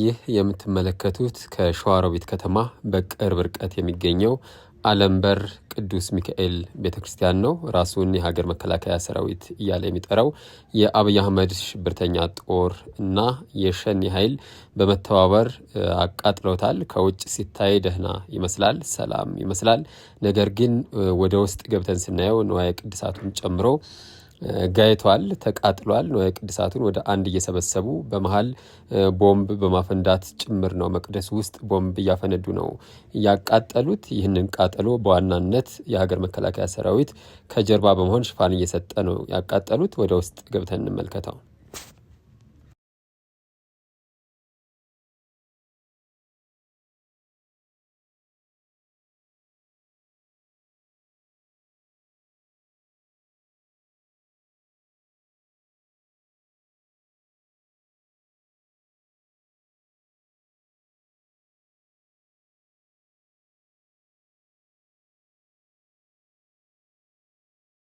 ይህ የምትመለከቱት ከሸዋሮቢት ከተማ በቅርብ ርቀት የሚገኘው አለምበር በር ቅዱስ ሚካኤል ቤተ ክርስቲያን ነው። ራሱን የሀገር መከላከያ ሰራዊት እያለ የሚጠራው የአብይ አህመድ ሽብርተኛ ጦር እና የሸኒ ኃይል በመተባበር አቃጥለውታል። ከውጭ ሲታይ ደህና ይመስላል፣ ሰላም ይመስላል። ነገር ግን ወደ ውስጥ ገብተን ስናየው ንዋየ ቅድሳቱን ጨምሮ ጋይቷል፣ ተቃጥሏል። ቅድሳቱን ወደ አንድ እየሰበሰቡ በመሀል ቦምብ በማፈንዳት ጭምር ነው። መቅደስ ውስጥ ቦምብ እያፈነዱ ነው ያቃጠሉት። ይህንን ቃጠሎ በዋናነት የሀገር መከላከያ ሰራዊት ከጀርባ በመሆን ሽፋን እየሰጠ ነው ያቃጠሉት። ወደ ውስጥ ገብተን እንመልከተው።